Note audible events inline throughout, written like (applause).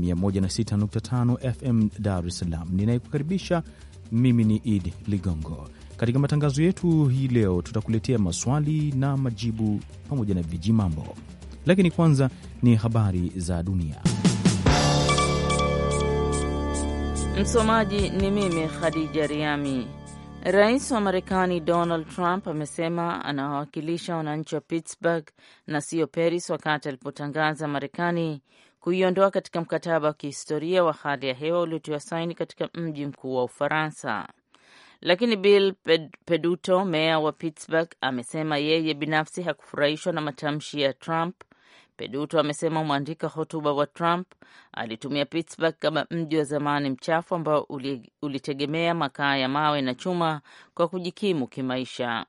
106.5 FM Dar es Salaam. Ninayekukaribisha mimi ni Idi Ligongo. Katika matangazo yetu hii leo, tutakuletea maswali na majibu pamoja na viji mambo, lakini kwanza ni habari za dunia. Msomaji ni mimi Khadija Riami. Rais wa Marekani Donald Trump amesema anawawakilisha wananchi wa Pittsburgh na sio Paris wakati alipotangaza Marekani kuiondoa katika mkataba wa kihistoria wa hali ya hewa uliotiwa saini katika mji mkuu wa Ufaransa. Lakini Bill Peduto, meya wa Pittsburgh, amesema yeye binafsi hakufurahishwa na matamshi ya Trump. Peduto amesema mwandika hotuba wa Trump alitumia Pittsburgh kama mji wa zamani mchafu ambao ulitegemea makaa ya mawe na chuma kwa kujikimu kimaisha.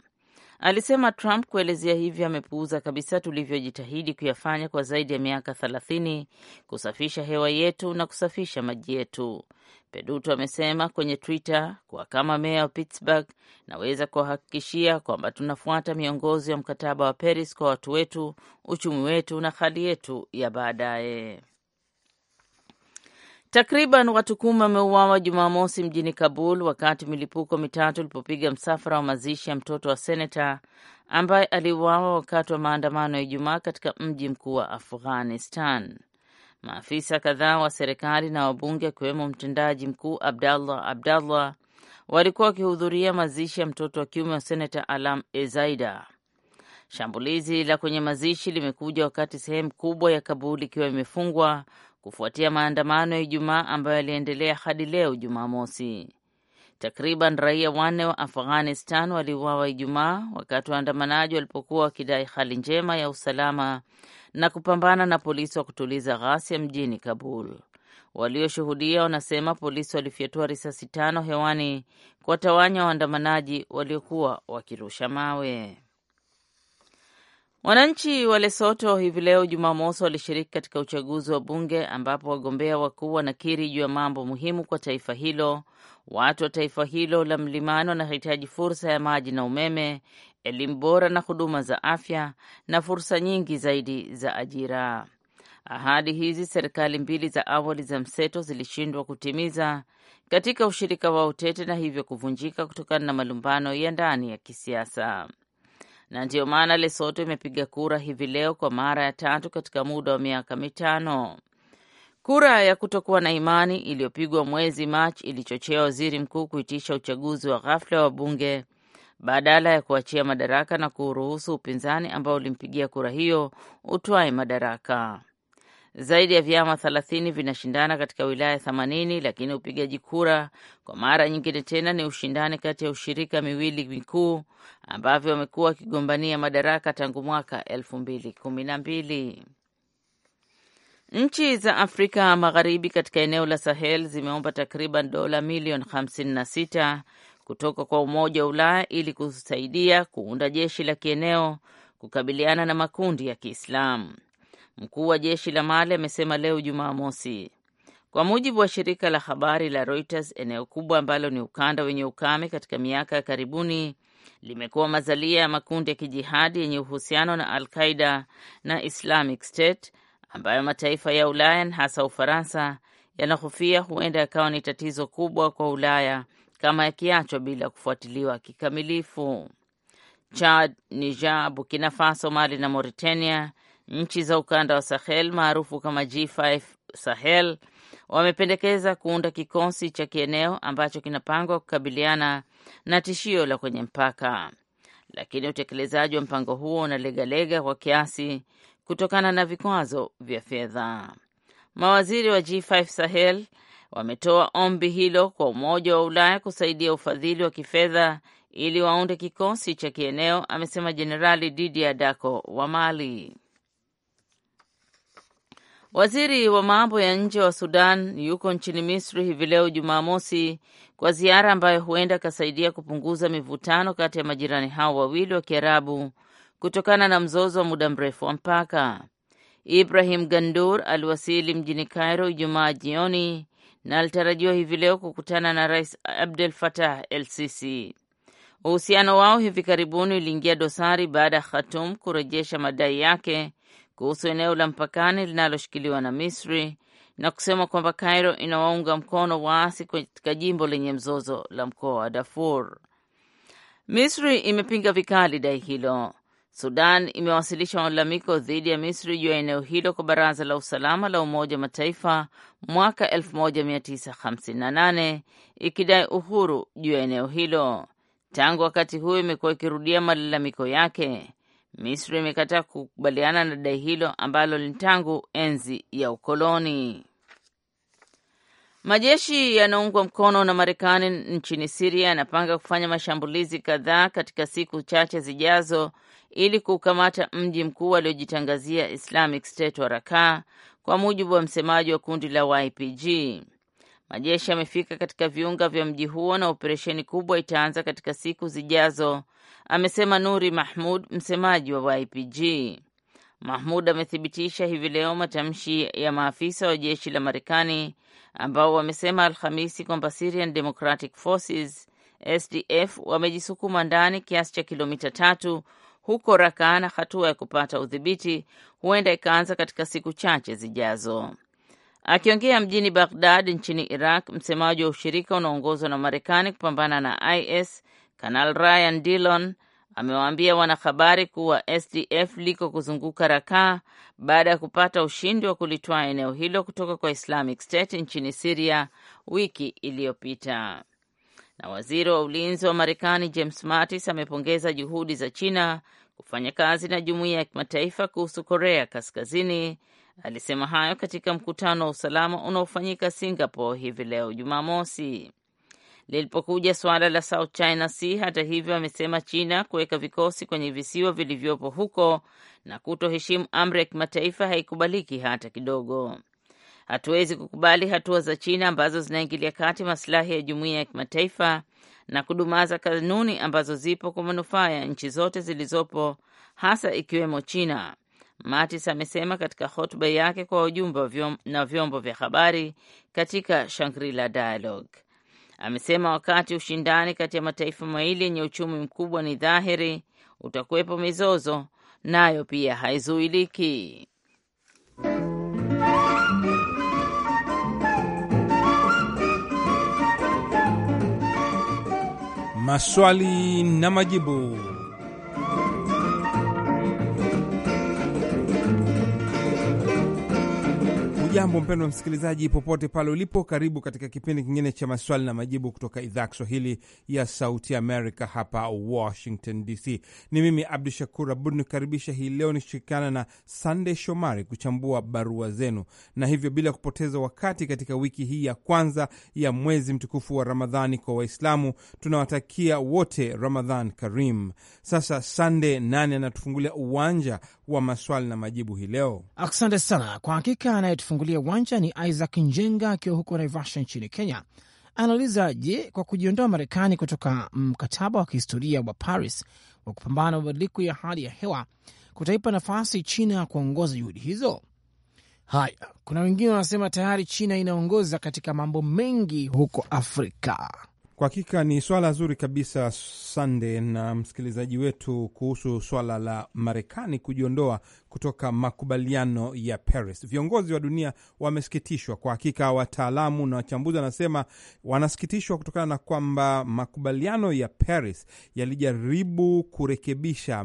Alisema Trump kuelezea hivyo amepuuza kabisa tulivyojitahidi kuyafanya kwa zaidi ya miaka thelathini kusafisha hewa yetu na kusafisha maji yetu. Peduto amesema kwenye Twitter kuwa kama meya wa Pittsburgh, naweza kuwahakikishia kwamba tunafuata miongozo ya mkataba wa Paris kwa watu wetu, uchumi wetu na hali yetu ya baadaye. Takriban watu kumi wameuawa Jumamosi mjini Kabul wakati milipuko mitatu ilipopiga msafara wa mazishi ya mtoto wa seneta ambaye aliuawa wakati wa maandamano ya Ijumaa katika mji mkuu wa Afghanistan. Maafisa kadhaa wa serikali na wabunge akiwemo mtendaji mkuu Abdallah Abdallah walikuwa wakihudhuria mazishi ya mtoto wa kiume wa seneta Alam Ezaida. Shambulizi la kwenye mazishi limekuja wakati sehemu kubwa ya Kabul ikiwa imefungwa kufuatia maandamano ya Ijumaa ambayo yaliendelea hadi leo Jumamosi. Takriban raia wanne wa Afghanistan waliuawa Ijumaa wakati waandamanaji walipokuwa wakidai hali njema ya usalama na kupambana na polisi wa kutuliza ghasia mjini Kabul. Walioshuhudia wanasema polisi walifyatua risasi tano hewani kuwatawanya waandamanaji waliokuwa wakirusha mawe. Wananchi wa Lesoto hivi leo Jumamosi walishiriki katika uchaguzi wa bunge ambapo wagombea wakuu wanakiri juu ya mambo muhimu kwa taifa hilo. Watu wa taifa hilo la mlimani wanahitaji fursa ya maji na umeme, elimu bora na huduma za afya, na fursa nyingi zaidi za ajira. Ahadi hizi serikali mbili za awali za mseto zilishindwa kutimiza katika ushirika wao tete, na hivyo kuvunjika kutokana na malumbano ya ndani ya kisiasa na ndiyo maana Lesoto imepiga kura hivi leo kwa mara ya tatu katika muda wa miaka mitano. Kura ya kutokuwa na imani iliyopigwa mwezi Machi ilichochea waziri mkuu kuitisha uchaguzi wa ghafla wa bunge badala ya kuachia madaraka na kuuruhusu upinzani ambao ulimpigia kura hiyo utwae madaraka. Zaidi ya vyama thelathini vinashindana katika wilaya themanini, lakini upigaji kura kwa mara nyingine tena ni ushindani kati ya ushirika miwili mikuu ambavyo wamekuwa wakigombania madaraka tangu mwaka mbili. Nchi za Afrika Magharibi katika eneo la Sahel zimeomba takriban dola milioni 56 kutoka kwa Umoja wa Ulaya ili kusaidia kuunda jeshi la kieneo kukabiliana na makundi ya Kiislamu. Mkuu wa jeshi la Mali amesema leo Jumamosi, kwa mujibu wa shirika la habari la Reuters. Eneo kubwa ambalo ni ukanda wenye ukame katika miaka ya karibuni limekuwa mazalia ya makundi ya kijihadi yenye uhusiano na Al-Qaida na Islamic State ambayo mataifa ya Ulaya hasa Ufaransa yanahofia huenda yakawa ni tatizo kubwa kwa Ulaya kama yakiachwa bila kufuatiliwa kikamilifu. Chad, Niger, Burkina Faso, Mali na Mauritania Nchi za ukanda wa Sahel maarufu kama G5 Sahel wamependekeza kuunda kikosi cha kieneo ambacho kinapangwa kukabiliana na tishio la kwenye mpaka, lakini utekelezaji wa mpango huo unalegalega kwa kiasi kutokana na vikwazo vya fedha. Mawaziri wa G5 Sahel wametoa ombi hilo kwa Umoja wa Ulaya kusaidia ufadhili wa kifedha ili waunde kikosi cha kieneo, amesema Jenerali Didier Dako wa Mali. Waziri wa mambo ya nje wa Sudan yuko nchini Misri hivi leo Jumamosi kwa ziara ambayo huenda akasaidia kupunguza mivutano kati ya majirani hao wawili wa Kiarabu kutokana na mzozo wa muda mrefu wa mpaka. Ibrahim Gandur aliwasili mjini Cairo Ijumaa jioni na alitarajiwa hivi leo kukutana na Rais Abdel Fattah El Sisi. Uhusiano wao hivi karibuni uliingia dosari baada ya Khatum kurejesha madai yake kuhusu eneo la mpakani linaloshikiliwa na Misri na kusema kwamba Cairo inawaunga mkono waasi katika jimbo lenye mzozo la mkoa wa Darfur. Misri imepinga vikali dai hilo. Sudan imewasilisha malalamiko dhidi ya Misri juu ya eneo hilo kwa Baraza la Usalama la Umoja wa Mataifa mwaka 1958 ikidai uhuru juu ya eneo hilo. Tangu wakati huo imekuwa ikirudia malalamiko yake. Misri imekataa kukubaliana na dai hilo ambalo ni tangu enzi ya ukoloni. Majeshi yanaungwa mkono na Marekani nchini Siria yanapanga kufanya mashambulizi kadhaa katika siku chache zijazo ili kuukamata mji mkuu aliojitangazia Islamic State wa Rakaa, kwa mujibu wa msemaji wa kundi la YPG. Majeshi yamefika katika viunga vya mji huo na operesheni kubwa itaanza katika siku zijazo, amesema Nuri Mahmud, msemaji wa YPG. Mahmud amethibitisha hivi leo matamshi ya maafisa wa jeshi la Marekani ambao wamesema Alhamisi kwamba Syrian Democratic Forces SDF wamejisukuma ndani kiasi cha kilomita tatu huko raka na hatua ya kupata udhibiti huenda ikaanza katika siku chache zijazo. Akiongea mjini Baghdad nchini Iraq, msemaji wa ushirika unaoongozwa na Marekani kupambana na IS Kanal Ryan Dillon amewaambia wanahabari kuwa SDF liko kuzunguka Rakaa baada ya kupata ushindi wa kulitwaa eneo hilo kutoka kwa Islamic State nchini Siria wiki iliyopita. Na waziri wa ulinzi wa Marekani James Mattis amepongeza juhudi za China kufanya kazi na jumuiya ya kimataifa kuhusu Korea Kaskazini Alisema hayo katika mkutano wa usalama unaofanyika Singapore hivi leo Jumamosi. Lilipokuja suala la South China Sea, hata hivyo, amesema China kuweka vikosi kwenye visiwa vilivyopo huko na kutoheshimu amri ya kimataifa haikubaliki hata kidogo. Hatuwezi kukubali hatua za China ambazo zinaingilia kati masilahi ya jumuiya ya kimataifa na kudumaza kanuni ambazo zipo kwa manufaa ya nchi zote zilizopo, hasa ikiwemo China, Mattis amesema katika hotuba yake kwa wajumbe vyom, na vyombo vya habari katika Shangri-La Dialogue. Amesema wakati ushindani kati ya mataifa mawili yenye uchumi mkubwa ni dhahiri, utakuwepo mizozo nayo pia haizuiliki. Maswali na majibu. Hujambo mpendwa msikilizaji, popote pale ulipo, karibu katika kipindi kingine cha maswali na majibu kutoka idhaa ya Kiswahili ya Sauti Amerika hapa Washington DC. Ni mimi Abdu Shakur Abud nikukaribisha hii leo nishirikiana na Sandey Shomari kuchambua barua zenu, na hivyo bila kupoteza wakati, katika wiki hii ya kwanza ya mwezi mtukufu wa Ramadhani kwa Waislamu, tunawatakia wote Ramadhan Karim. Sasa Sandey, nani anatufungulia uwanja wa maswali na majibu hii leo. Asante sana. Kwa hakika anayetufungulia uwanja ni Isaac Njenga akiwa huko Naivasha nchini Kenya. Anauliza, je, kwa kujiondoa Marekani kutoka mkataba wa kihistoria wa Paris wa kupambana na mabadiliko ya hali ya hewa kutaipa nafasi China ya kuongoza juhudi hizo? Haya, kuna wengine wanasema tayari China inaongoza katika mambo mengi huko Afrika. Kwa hakika ni swala zuri kabisa Sande na msikilizaji wetu kuhusu swala la Marekani kujiondoa kutoka makubaliano ya Paris. Viongozi wa dunia wamesikitishwa kwa hakika, wataalamu na wachambuzi wanasema wanasikitishwa kutokana na kwamba makubaliano ya Paris yalijaribu kurekebisha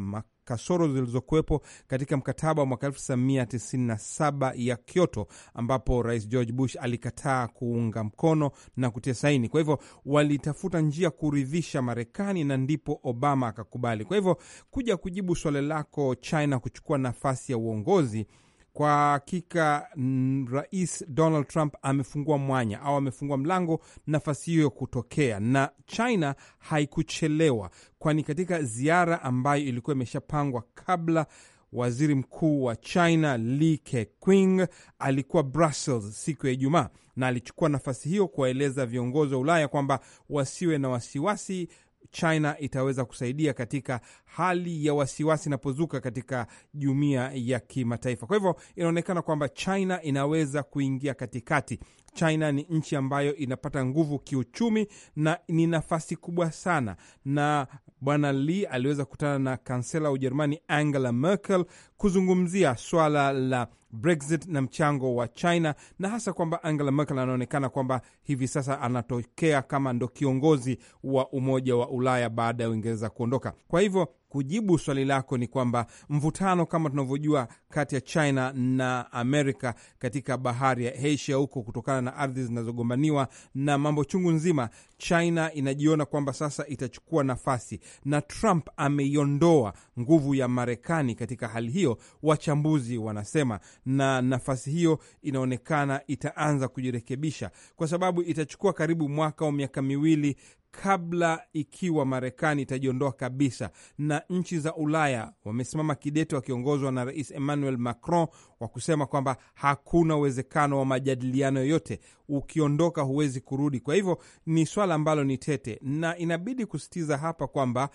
kasoro zilizokuwepo katika mkataba wa mwaka 1997 ya Kyoto, ambapo Rais George Bush alikataa kuunga mkono na kutia saini. Kwa hivyo walitafuta njia kuridhisha Marekani na ndipo Obama akakubali. Kwa hivyo kuja kujibu swale lako, China kuchukua nafasi ya uongozi kwa hakika mm, Rais Donald Trump amefungua mwanya au amefungua mlango nafasi hiyo kutokea, na China haikuchelewa, kwani katika ziara ambayo ilikuwa imeshapangwa kabla Waziri mkuu wa China Li Keqiang alikuwa Brussels siku ya Ijumaa na alichukua nafasi hiyo kuwaeleza viongozi wa Ulaya kwamba wasiwe na wasiwasi, China itaweza kusaidia katika hali ya wasiwasi inapozuka katika jumuiya ya kimataifa. Kwa hivyo inaonekana kwamba China inaweza kuingia katikati China ni nchi ambayo inapata nguvu kiuchumi na ni nafasi kubwa sana, na Bwana Lee aliweza kukutana na kansela wa Ujerumani Angela Merkel kuzungumzia swala la Brexit na mchango wa China, na hasa kwamba Angela Merkel anaonekana kwamba hivi sasa anatokea kama ndo kiongozi wa Umoja wa Ulaya baada ya Uingereza kuondoka. Kwa hivyo kujibu swali lako ni kwamba mvutano kama tunavyojua kati ya China na Amerika katika bahari ya Asia huko, kutokana na ardhi zinazogombaniwa na mambo chungu nzima, China inajiona kwamba sasa itachukua nafasi, na Trump ameiondoa nguvu ya Marekani katika hali hiyo, wachambuzi wanasema, na nafasi hiyo inaonekana itaanza kujirekebisha, kwa sababu itachukua karibu mwaka au miaka miwili kabla ikiwa Marekani itajiondoa kabisa, na nchi za Ulaya wamesimama kidete wakiongozwa na Rais Emmanuel Macron wa kusema kwamba hakuna uwezekano wa majadiliano yoyote, ukiondoka huwezi kurudi. Kwa hivyo ni swala ambalo ni tete, na inabidi kusitiza hapa kwamba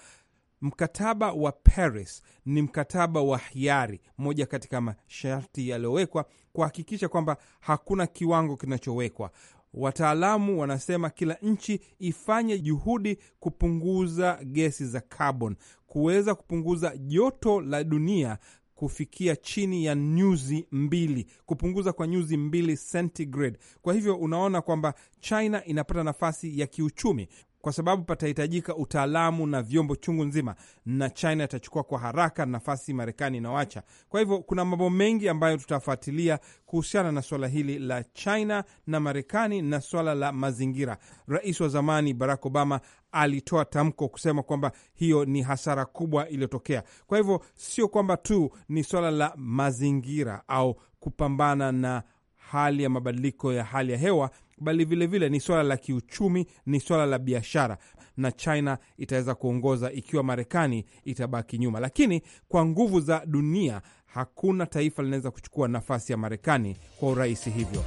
mkataba wa Paris ni mkataba wa hiari, moja katika masharti yaliyowekwa kuhakikisha kwamba hakuna kiwango kinachowekwa. Wataalamu wanasema kila nchi ifanye juhudi kupunguza gesi za carbon, kuweza kupunguza joto la dunia kufikia chini ya nyuzi mbili, kupunguza kwa nyuzi mbili centigrade. Kwa hivyo unaona kwamba China inapata nafasi ya kiuchumi kwa sababu patahitajika utaalamu na vyombo chungu nzima, na China itachukua kwa haraka nafasi Marekani inaoacha Kwa hivyo kuna mambo mengi ambayo tutafuatilia kuhusiana na swala hili la China na Marekani na swala la mazingira. Rais wa zamani Barack Obama alitoa tamko kusema kwamba hiyo ni hasara kubwa iliyotokea. Kwa hivyo sio kwamba tu ni swala la mazingira au kupambana na hali ya mabadiliko ya hali ya hewa, bali vilevile ni swala la kiuchumi, ni swala la biashara, na China itaweza kuongoza ikiwa Marekani itabaki nyuma. Lakini kwa nguvu za dunia, hakuna taifa linaweza kuchukua nafasi ya Marekani kwa urahisi hivyo.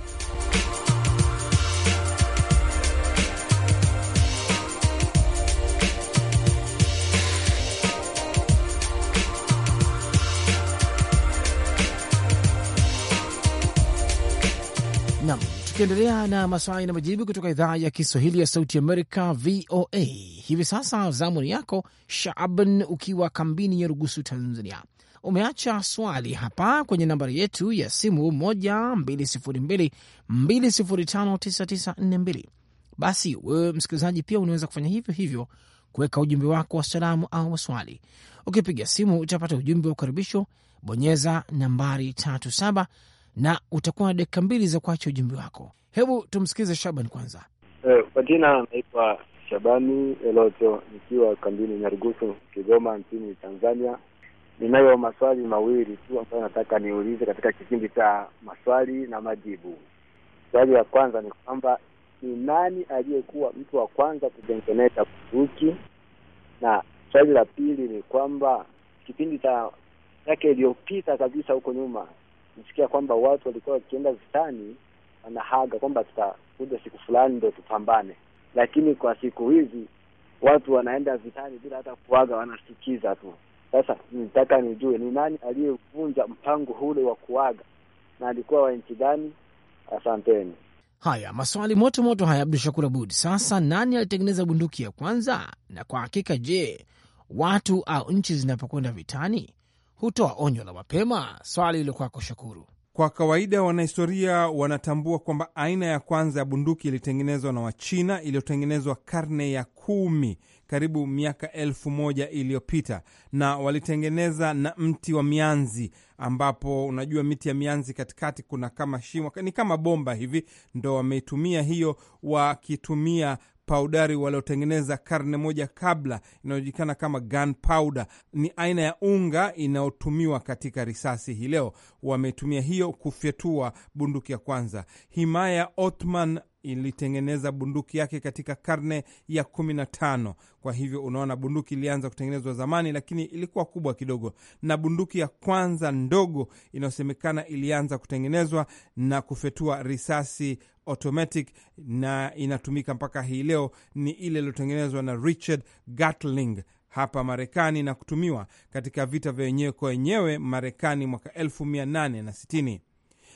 tukiendelea na maswali na majibu kutoka idhaa ya Kiswahili ya Sauti Amerika, VOA. Hivi sasa zamuni yako Shaaban, ukiwa kambini ya Rugusu, Tanzania. Umeacha swali hapa kwenye nambari yetu ya simu 12022059942. Basi wewe msikilizaji, pia unaweza kufanya hivyo hivyo, kuweka ujumbe wako wa salamu au maswali Ukipiga simu utapata ujumbe wa ukaribisho, bonyeza nambari 37 na utakuwa na dakika mbili za kuacha ujumbe wako. Hebu tumsikilize Shaban kwanza. Eh, kwa jina naitwa Shabani Eloto nikiwa kambini Nyarugusu, Kigoma nchini Tanzania. Ninayo maswali mawili tu ambayo nataka niulize katika kipindi cha maswali na majibu. Swali ya kwanza ni kwamba ni nani aliyekuwa mtu wa kwanza kutengeneza bunduki, na swali la pili ni kwamba kipindi cha yake iliyopita kabisa huko nyuma nisikia kwamba watu walikuwa wakienda vitani wanahaga kwamba tutakuja siku fulani ndio tupambane, lakini kwa siku hizi watu wanaenda vitani bila hata kuaga, wanasikiza tu. Sasa nitaka nijue ni nani aliyevunja mpango ule wa kuaga na alikuwa wa nchi gani? Asanteni. Haya, maswali moto moto haya, Abdu Shakur Abud. Sasa nani alitengeneza bunduki ya kwanza? Na kwa hakika, je, watu au nchi zinapokwenda vitani hutoa onyo la mapema swali hilo Shukuru. Kwa kawaida wanahistoria wanatambua kwamba aina ya kwanza ya bunduki ilitengenezwa na Wachina, iliyotengenezwa karne ya kumi, karibu miaka elfu moja iliyopita, na walitengeneza na mti wa mianzi, ambapo unajua miti ya mianzi katikati kuna kama shimo, ni kama bomba hivi, ndo wameitumia hiyo, wakitumia Paudari waliotengeneza karne moja kabla inayojulikana kama gunpowder. Ni aina ya unga inayotumiwa katika risasi. Hii leo wametumia hiyo kufyatua bunduki ya kwanza. Himaya Othman ilitengeneza bunduki yake katika karne ya kumi na tano. Kwa hivyo unaona bunduki ilianza kutengenezwa zamani, lakini ilikuwa kubwa kidogo, na bunduki ya kwanza ndogo inayosemekana ilianza kutengenezwa na kufetua risasi automatic na inatumika mpaka hii leo ni ile iliyotengenezwa na Richard Gatling hapa Marekani na kutumiwa katika vita vya wenyewe kwa wenyewe Marekani mwaka 1860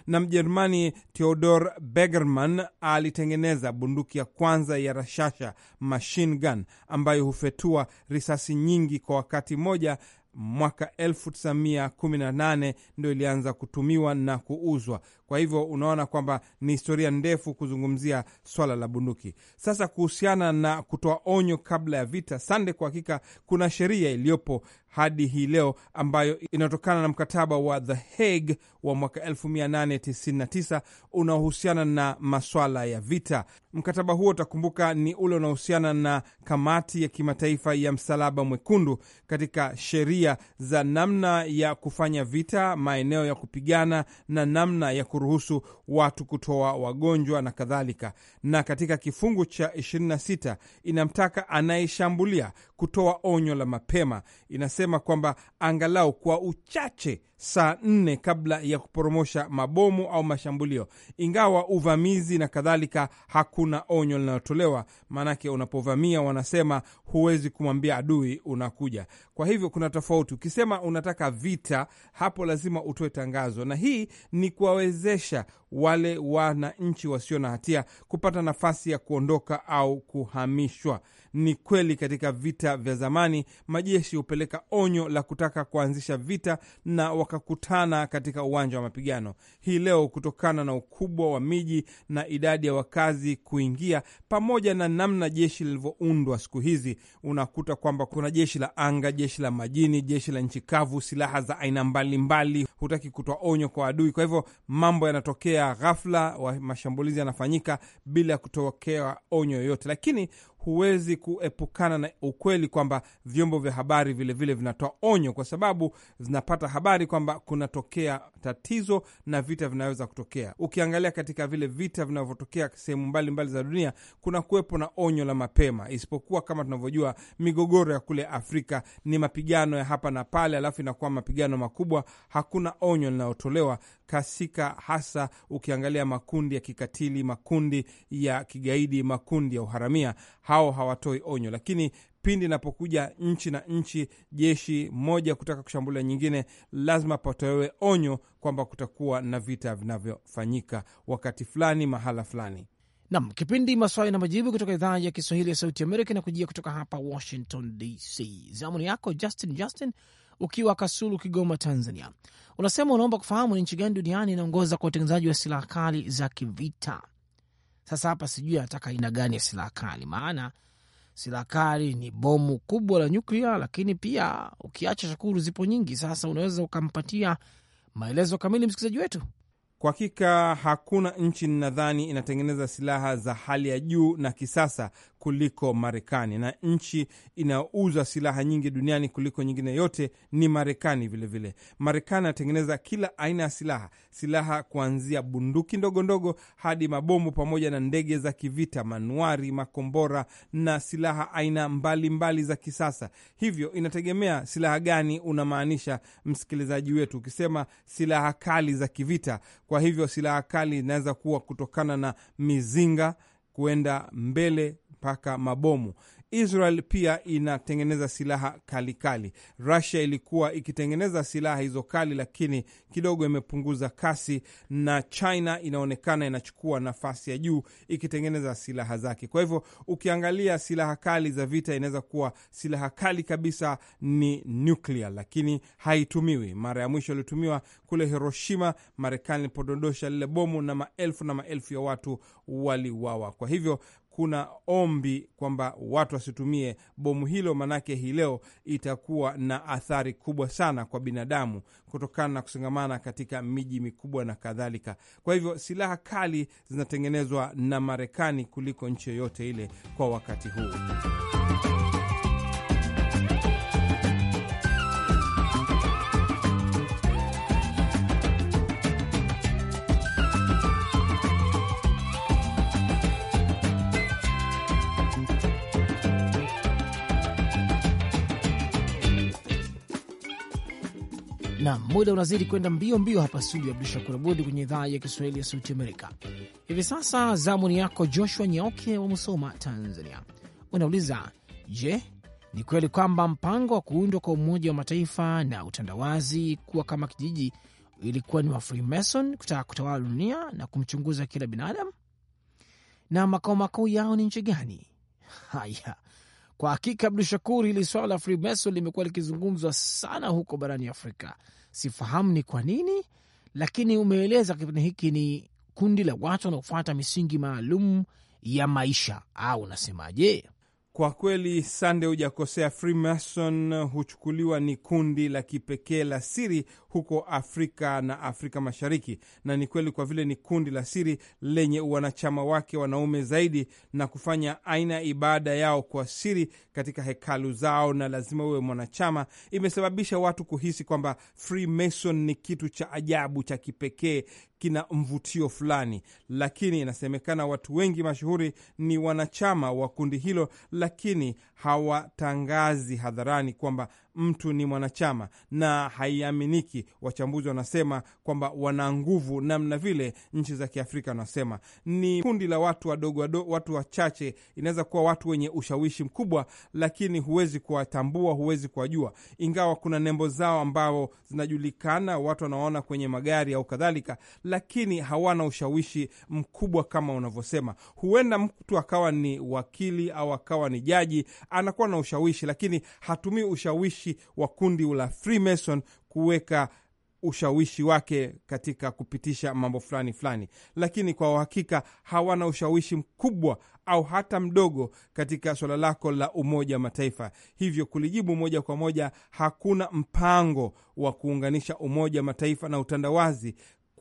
na Mjerumani Theodor begerman alitengeneza bunduki ya kwanza ya rashasha machine gun ambayo hufetua risasi nyingi kwa wakati mmoja. Mwaka 1918 ndio ilianza kutumiwa na kuuzwa. Kwa hivyo unaona kwamba ni historia ndefu kuzungumzia swala la bunduki. Sasa kuhusiana na kutoa onyo kabla ya vita, Sande, kwa hakika kuna sheria iliyopo hadi hii leo ambayo inatokana na mkataba wa The Hague wa mwaka 1899 unaohusiana na maswala ya vita. Mkataba huo utakumbuka, ni ule unaohusiana na kamati ya kimataifa ya Msalaba Mwekundu katika sheria za namna ya kufanya vita, maeneo ya kupigana na namna ya kuru kuruhusu watu kutoa wagonjwa na kadhalika. Na katika kifungu cha 26 inamtaka anayeshambulia kutoa onyo la mapema. Inasema kwamba angalau kwa uchache saa nne kabla ya kuporomosha mabomu au mashambulio, ingawa uvamizi na kadhalika hakuna onyo linalotolewa. Maanake unapovamia wanasema huwezi kumwambia adui unakuja. Kwa hivyo kuna tofauti, ukisema unataka vita, hapo lazima utoe tangazo, na hii ni kuwawezesha deixa wale wananchi wasio na hatia kupata nafasi ya kuondoka au kuhamishwa. Ni kweli katika vita vya zamani majeshi hupeleka onyo la kutaka kuanzisha vita na wakakutana katika uwanja wa mapigano. Hii leo, kutokana na ukubwa wa miji na idadi ya wakazi kuingia, pamoja na namna jeshi lilivyoundwa siku hizi, unakuta kwamba kuna jeshi la anga, jeshi la majini, jeshi la nchi kavu, silaha za aina mbalimbali, hutaki kutoa onyo kwa adui. Kwa hivyo mambo yanatokea yanatokea ghafla, wa mashambulizi yanafanyika bila ya kutokea onyo yoyote, lakini huwezi kuepukana na ukweli kwamba vyombo vya habari vilevile vile vinatoa onyo, kwa sababu zinapata habari kwamba kunatokea tatizo na vita vinaweza kutokea. Ukiangalia katika vile vita vinavyotokea sehemu mbalimbali za dunia, kuna kuwepo na onyo la mapema, isipokuwa kama tunavyojua migogoro ya kule Afrika ni mapigano ya hapa na pale, alafu inakuwa mapigano makubwa, hakuna onyo linalotolewa kasika, hasa ukiangalia makundi ya kikatili, makundi ya kigaidi, makundi ya uharamia. Hao hawatoi onyo, lakini pindi inapokuja nchi na nchi, jeshi moja kutaka kushambulia nyingine, lazima patoewe onyo kwamba kutakuwa na vita vinavyofanyika wakati fulani, mahala fulani. Nam kipindi maswali na majibu kutoka idhaa ya Kiswahili ya Sauti Amerika na kujia kutoka hapa Washington DC. Zamuni yako Justin Justin ukiwa Kasulu, Kigoma, Tanzania, unasema unaomba kufahamu ni nchi gani duniani inaongoza kwa utengenezaji wa silaha kali za kivita. Sasa hapa sijui anataka aina gani ya silaha kali, maana silaha kali ni bomu kubwa la nyuklia, lakini pia ukiacha, shakuru, zipo nyingi. Sasa unaweza ukampatia maelezo kamili msikilizaji wetu. Kwa hakika hakuna nchi nadhani inatengeneza silaha za hali ya juu na kisasa kuliko Marekani, na nchi inayouza silaha nyingi duniani kuliko nyingine yote ni Marekani. Vilevile Marekani anatengeneza kila aina ya silaha, silaha kuanzia bunduki ndogondogo hadi mabomu pamoja na ndege za kivita, manuari, makombora na silaha aina mbalimbali mbali za kisasa. Hivyo inategemea silaha gani unamaanisha, msikilizaji wetu, ukisema silaha kali za kivita. Kwa hivyo silaha kali inaweza kuwa kutokana na mizinga kuenda mbele mpaka mabomu. Israel pia inatengeneza silaha kalikali. Russia ilikuwa ikitengeneza silaha hizo kali, lakini kidogo imepunguza kasi, na China inaonekana inachukua nafasi ya juu ikitengeneza silaha zake. Kwa hivyo ukiangalia silaha kali za vita, inaweza kuwa silaha kali kabisa ni nuklia lakini haitumiwi. Mara ya mwisho ilitumiwa kule Hiroshima, Marekani ilipodondosha lile bomu na maelfu na maelfu ya watu waliuawa. Kwa hivyo kuna ombi kwamba watu wasitumie bomu hilo, manake hii leo itakuwa na athari kubwa sana kwa binadamu kutokana na kusongamana katika miji mikubwa na kadhalika. Kwa hivyo silaha kali zinatengenezwa na Marekani kuliko nchi yoyote ile kwa wakati huu. Muda unazidi kwenda mbio mbio hapa studio, Abdu Shakur Abud kwenye idhaa ya Kiswahili ya Sauti Amerika. Hivi sasa zamu ni yako Joshua Nyaoke wa Musoma, Tanzania. Unauliza, je, ni kweli kwamba mpango wa kuundwa kwa Umoja wa Mataifa na utandawazi kuwa kama kijiji ilikuwa ni wa Freemason kutaka kutawala dunia na kumchunguza kila binadamu, na makao makuu yao ni nchi gani? (laughs) Haya, kwa hakika Abdu Shakur, hili swala la Freemason limekuwa likizungumzwa sana huko barani Afrika sifahamu ni kwa nini, lakini umeeleza kipindi hiki ni kundi la watu wanaofuata misingi maalum ya maisha, au unasemaje? Kwa kweli Sande, hujakosea. Freemason huchukuliwa ni kundi la kipekee la siri huko Afrika na Afrika Mashariki, na ni kweli kwa vile ni kundi la siri lenye wanachama wake wanaume zaidi, na kufanya aina ya ibada yao kwa siri katika hekalu zao, na lazima uwe mwanachama, imesababisha watu kuhisi kwamba Freemason ni kitu cha ajabu cha kipekee kina mvutio fulani, lakini inasemekana watu wengi mashuhuri ni wanachama wa kundi hilo lakini hawatangazi hadharani kwamba mtu ni mwanachama na haiaminiki. Wachambuzi wanasema kwamba wana nguvu namna vile nchi za Kiafrika wanasema ni kundi la watu wadogo wado, watu wachache, inaweza kuwa watu wenye ushawishi mkubwa, lakini huwezi kuwatambua, huwezi kuwajua, ingawa kuna nembo zao ambao zinajulikana, watu wanaona kwenye magari au kadhalika, lakini hawana ushawishi mkubwa kama unavyosema. Huenda mtu akawa ni wakili au akawa ni jaji, anakuwa na ushawishi, lakini hatumii ushawishi ushawishi wa kundi la Freemason kuweka ushawishi wake katika kupitisha mambo fulani fulani, lakini kwa uhakika hawana ushawishi mkubwa au hata mdogo katika suala lako la Umoja wa Mataifa. Hivyo kulijibu moja kwa moja, hakuna mpango wa kuunganisha Umoja wa Mataifa na utandawazi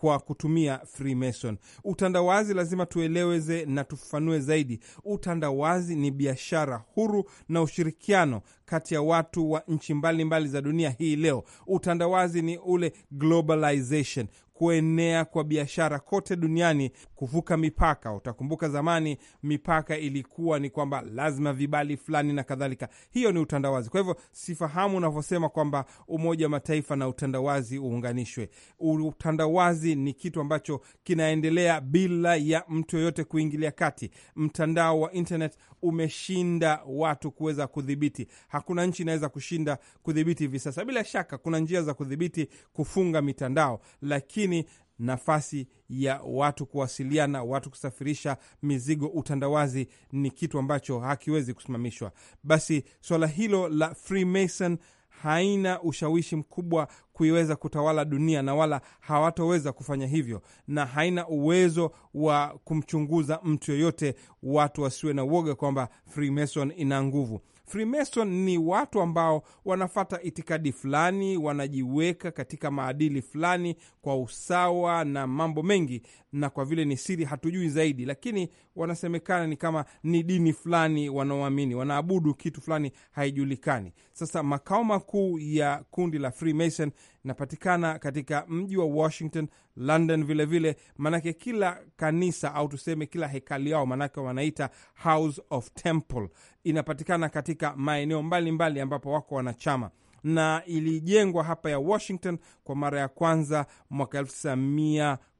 kwa kutumia Freemason. Utandawazi lazima tueleweze na tufafanue zaidi. Utandawazi ni biashara huru na ushirikiano kati ya watu wa nchi mbalimbali za dunia hii leo. Utandawazi ni ule globalization, kuenea kwa biashara kote duniani, kuvuka mipaka. Utakumbuka zamani mipaka ilikuwa ni kwamba lazima vibali fulani na kadhalika. Hiyo ni utandawazi. Kwa hivyo sifahamu unavyosema kwamba Umoja wa Mataifa na utandawazi uunganishwe. Utandawazi ni kitu ambacho kinaendelea bila ya mtu yoyote kuingilia kati. Mtandao wa internet umeshinda watu kuweza kudhibiti. Hakuna nchi inaweza kushinda kudhibiti hivi sasa. Bila shaka kuna njia za kudhibiti, kufunga mitandao, lakini lakini nafasi ya watu kuwasiliana, watu kusafirisha mizigo, utandawazi ni kitu ambacho hakiwezi kusimamishwa. Basi suala hilo la Freemason haina ushawishi mkubwa kuiweza kutawala dunia na wala hawatoweza kufanya hivyo, na haina uwezo wa kumchunguza mtu yoyote. Watu wasiwe na uoga kwamba Freemason ina nguvu. Freemason ni watu ambao wanafata itikadi fulani, wanajiweka katika maadili fulani kwa usawa na mambo mengi, na kwa vile ni siri hatujui zaidi, lakini wanasemekana ni kama ni dini fulani wanaoamini, wanaabudu kitu fulani haijulikani. Sasa makao makuu ya kundi la Freemason inapatikana katika mji wa Washington, London vilevile manake kila kanisa au tuseme kila hekali yao, manake wanaita House of Temple, inapatikana katika maeneo mbalimbali ambapo wako wanachama na ilijengwa hapa ya Washington kwa mara ya kwanza mwaka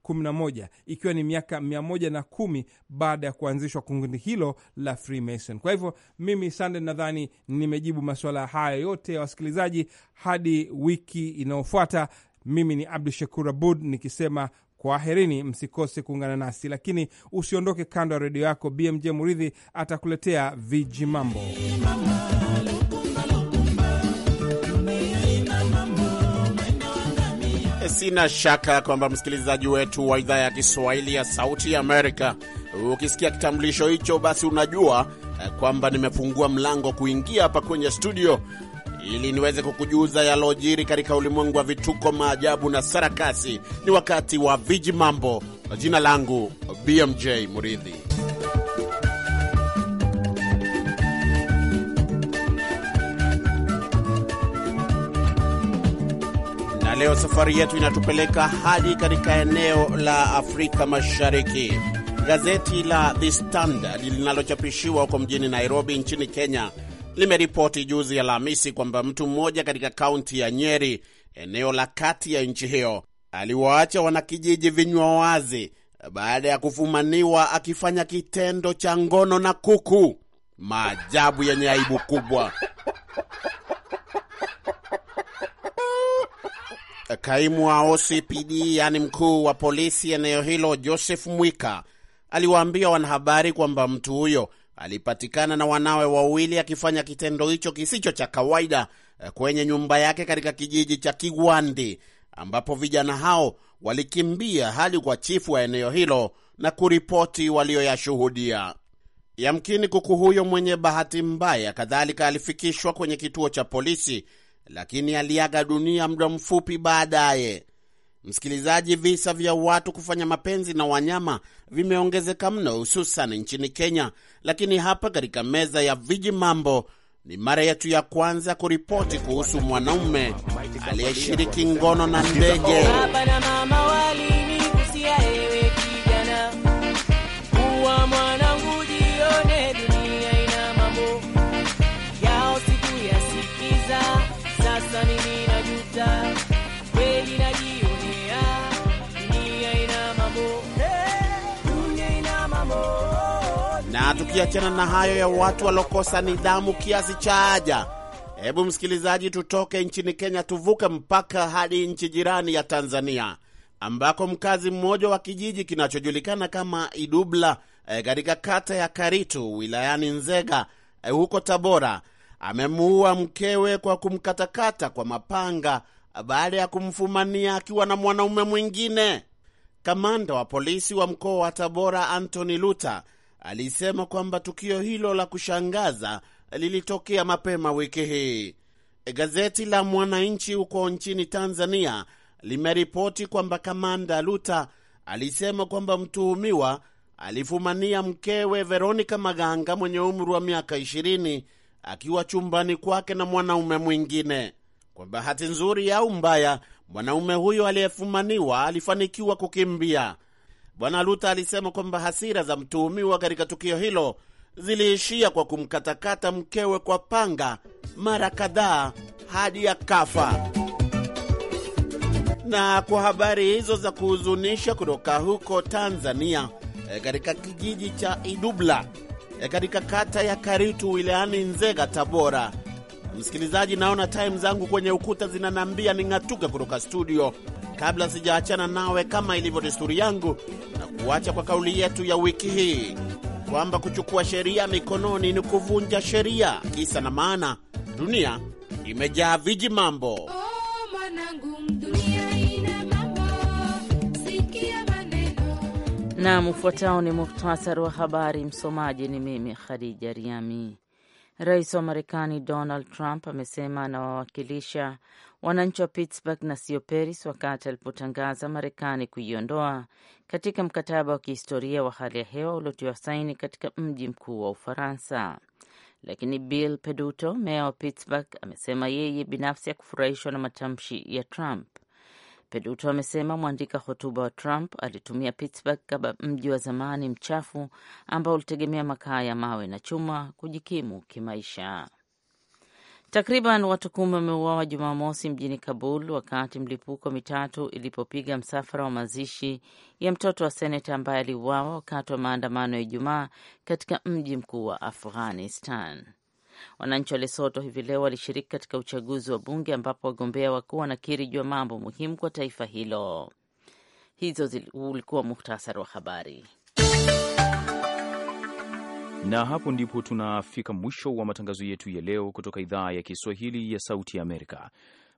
11 ikiwa ni miaka 110 baada ya kuanzishwa kundi hilo la Freemason. Kwa hivyo mimi Sande, nadhani nimejibu masuala haya yote ya wasikilizaji. Hadi wiki inayofuata, mimi ni Abdu Shakur Abud nikisema kwaherini, msikose kuungana nasi, lakini usiondoke kando ya redio yako. BMJ Muridhi atakuletea viji mambo. Sina shaka kwamba msikilizaji wetu wa idhaa ya Kiswahili ya Sauti ya Amerika, ukisikia kitambulisho hicho, basi unajua eh, kwamba nimefungua mlango kuingia hapa kwenye studio ili niweze kukujuza yalojiri katika ulimwengu wa vituko, maajabu na sarakasi. Ni wakati wa viji mambo. Jina langu BMJ Muridhi. leo safari yetu inatupeleka hadi katika eneo la Afrika Mashariki. Gazeti la The Standard linalochapishiwa huko mjini Nairobi nchini Kenya limeripoti juzi Alhamisi kwamba mtu mmoja katika kaunti ya Nyeri, eneo la kati ya nchi hiyo, aliwaacha wanakijiji vinywa wazi baada ya kufumaniwa akifanya kitendo cha ngono na kuku. Maajabu yenye aibu kubwa. Eh, kaimu wa OCPD yaani mkuu wa polisi eneo hilo Joseph Mwika aliwaambia wanahabari kwamba mtu huyo alipatikana na wanawe wawili akifanya kitendo hicho kisicho cha kawaida eh, kwenye nyumba yake katika kijiji cha Kigwandi ambapo vijana hao walikimbia hadi kwa chifu wa eneo hilo na kuripoti walioyashuhudia. Yamkini kuku huyo mwenye bahati mbaya kadhalika alifikishwa kwenye kituo cha polisi lakini aliaga dunia muda mfupi baadaye. Msikilizaji, visa vya watu kufanya mapenzi na wanyama vimeongezeka mno, hususan nchini Kenya, lakini hapa katika meza ya viji mambo ni mara yetu ya kwanza kuripoti kuhusu mwanaume aliyeshiriki ngono na ndege. tukiachana na hayo ya watu walokosa nidhamu kiasi cha haja, hebu msikilizaji, tutoke nchini Kenya tuvuke mpaka hadi nchi jirani ya Tanzania ambako mkazi mmoja wa kijiji kinachojulikana kama Idubla eh, katika e, kata ya Karitu wilayani Nzega e, huko Tabora amemuua mkewe kwa kumkatakata kwa mapanga baada ya kumfumania akiwa na mwanaume mwingine. Kamanda wa polisi wa mkoa wa Tabora Anthony Luta alisema kwamba tukio hilo la kushangaza lilitokea mapema wiki hii. Gazeti la Mwananchi huko nchini Tanzania limeripoti kwamba kamanda Luta alisema kwamba mtuhumiwa alifumania mkewe Veronica Maganga mwenye umri wa miaka 20 akiwa chumbani kwake na mwanaume mwingine. Kwa bahati nzuri au mbaya, mwanaume huyo aliyefumaniwa alifanikiwa kukimbia. Bwana Luta alisema kwamba hasira za mtuhumiwa katika tukio hilo ziliishia kwa kumkatakata mkewe kwa panga mara kadhaa hadi akafa. Na kwa habari hizo za kuhuzunisha kutoka huko Tanzania, eh, katika kijiji cha Idubla eh, katika kata ya Karitu wilayani Nzega, Tabora. Msikilizaji, naona time zangu kwenye ukuta zinanambia ning'atuke kutoka studio kabla sijaachana nawe, kama ilivyo desturi yangu, na kuacha kwa kauli yetu ya wiki hii kwamba kuchukua sheria mikononi ni kuvunja sheria. Kisa na maana, dunia imejaa viji mambo. Oh, Nam, ufuatao ni muhtasari wa habari. Msomaji ni mimi Khadija Riami. Rais wa Marekani Donald Trump amesema anawawakilisha wananchi wa Pittsburgh na sio Paris wakati alipotangaza Marekani kuiondoa katika mkataba wa kihistoria wa hali ya hewa uliotiwa saini katika mji mkuu wa Ufaransa. Lakini Bill Peduto, meya wa Pittsburgh, amesema yeye binafsi ya kufurahishwa na matamshi ya Trump. Peduto amesema mwandika hotuba wa Trump alitumia Pittsburgh kama mji wa zamani mchafu ambao ulitegemea makaa ya mawe na chuma kujikimu kimaisha. Takriban watu kumi wameuawa Jumamosi mjini Kabul wakati mlipuko mitatu ilipopiga msafara wa mazishi ya mtoto wa seneta ambaye aliuawa wakati wa maandamano ya Ijumaa katika mji mkuu wa Afghanistan. Wananchi wa Lesoto hivi leo walishiriki katika uchaguzi wa bunge ambapo wagombea wakuu wanakiri juu ya mambo muhimu kwa taifa hilo. Hizo ulikuwa muhtasari wa habari na hapo ndipo tunafika mwisho wa matangazo yetu ya leo kutoka idhaa ya Kiswahili ya Sauti ya Amerika.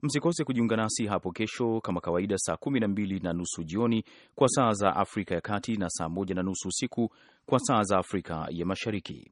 Msikose kujiunga nasi hapo kesho kama kawaida, saa 12 na nusu jioni kwa saa za Afrika ya Kati na saa moja na nusu usiku kwa saa za Afrika ya Mashariki.